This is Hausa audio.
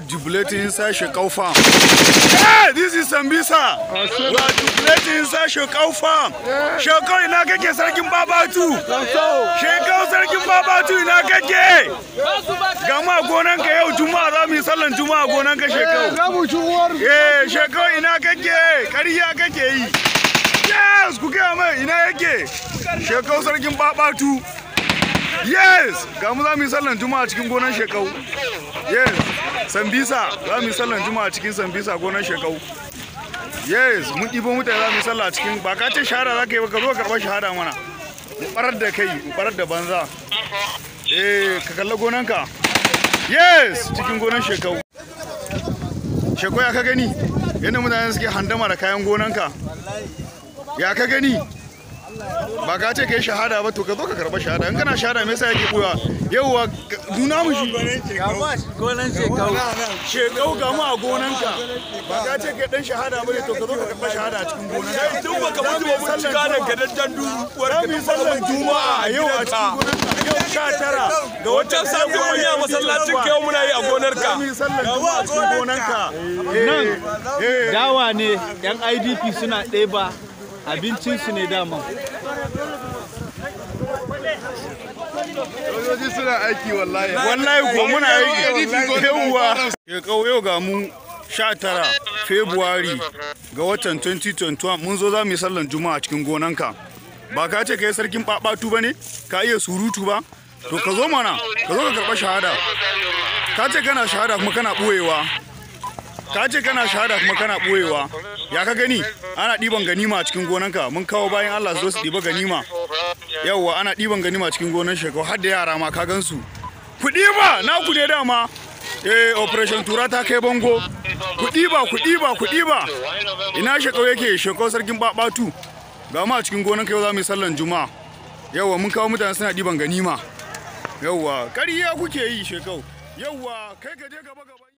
Jubilating oh, inside Shekau farm. Hey, this is Sambisa. We oh, are jubilating inside Shekau farm. Shekau ina kake sarkin babatu. Shekau sarkin babatu ina kake. Gama gonan ka yau juma'a za mu yi sallan juma'a gonan ka Shekau. Eh, eh, Shekau ina kake. Kariya kake yi. Yes, ku gaya mai ina yake. Shekau sarkin babatu. Yes, ga mu za mu yi sallan juma'a cikin gonan Shekau. Yes. sambisa za mu yi sallan juma'a cikin sambisa gonar shekau yes mun ɗibo mutane za mu yi sallah cikin ba ka ce shahada za ka yi ba ka zo karɓar shahada mana mu ɓarar da kai mu ɓarar da banza eh ka kalla gonanka yes cikin gonar shekau shekau ya ka gani yadda mutane suke handama da kayan gonanka ya ka gani ba ka ce ka yi shahada ba to ka zo ka karba shahada in kana shahada me yasa yake Yau yauwa nuna mu shi gonan shekau shekau ga mu a gonanka ba ka ce yi dan shahada ba ne to ka zo ka karba shahada a cikin gonan kai tun baka mutu ba mun cika da gadaddan duwar ka mu sallar juma'a yau a cikin gonanka yau 19 ga wancan satin mun yi a masallacin kai muna yi a gonarka mu sallan juma'a a cikin gonanka eh, eh. nan dawa ne yan IDP suna ɗeba abincinsu ne dama sojoji suna aiki wallahi wallahi ko muna aiki yauwa ke kauyo ga mu 19 february ga watan 2021 mun zo za mu yi sallan juma'a cikin gonanka ba ka ce ka yi sarkin babatu ba ne ka iya surutu ba to ka zo mana ka zo ka karɓa shahada ka ce kana shahada kuma kana ɓoyewa ka ce kana shahada kuma kana boyewa ya ka gani ana ɗiban ganima a cikin gonanka mun kawo bayan Allah zo su ɗiba ganima yawwa ana ɗiban ganima a cikin gonan shekau har da yara ma ka gansu ku ɗiba na ku ne dama eh operation tura ta kai bango ku ɗiba ku ɗiba ku ɗiba ina shekau yake shekau sarkin babatu ga ma a cikin gonanka yau za mu yi sallan juma'a yawwa mun kawo mutane suna ɗiban ganima yawwa kariya kuke yi shekau yawwa kai gaje gaba gaba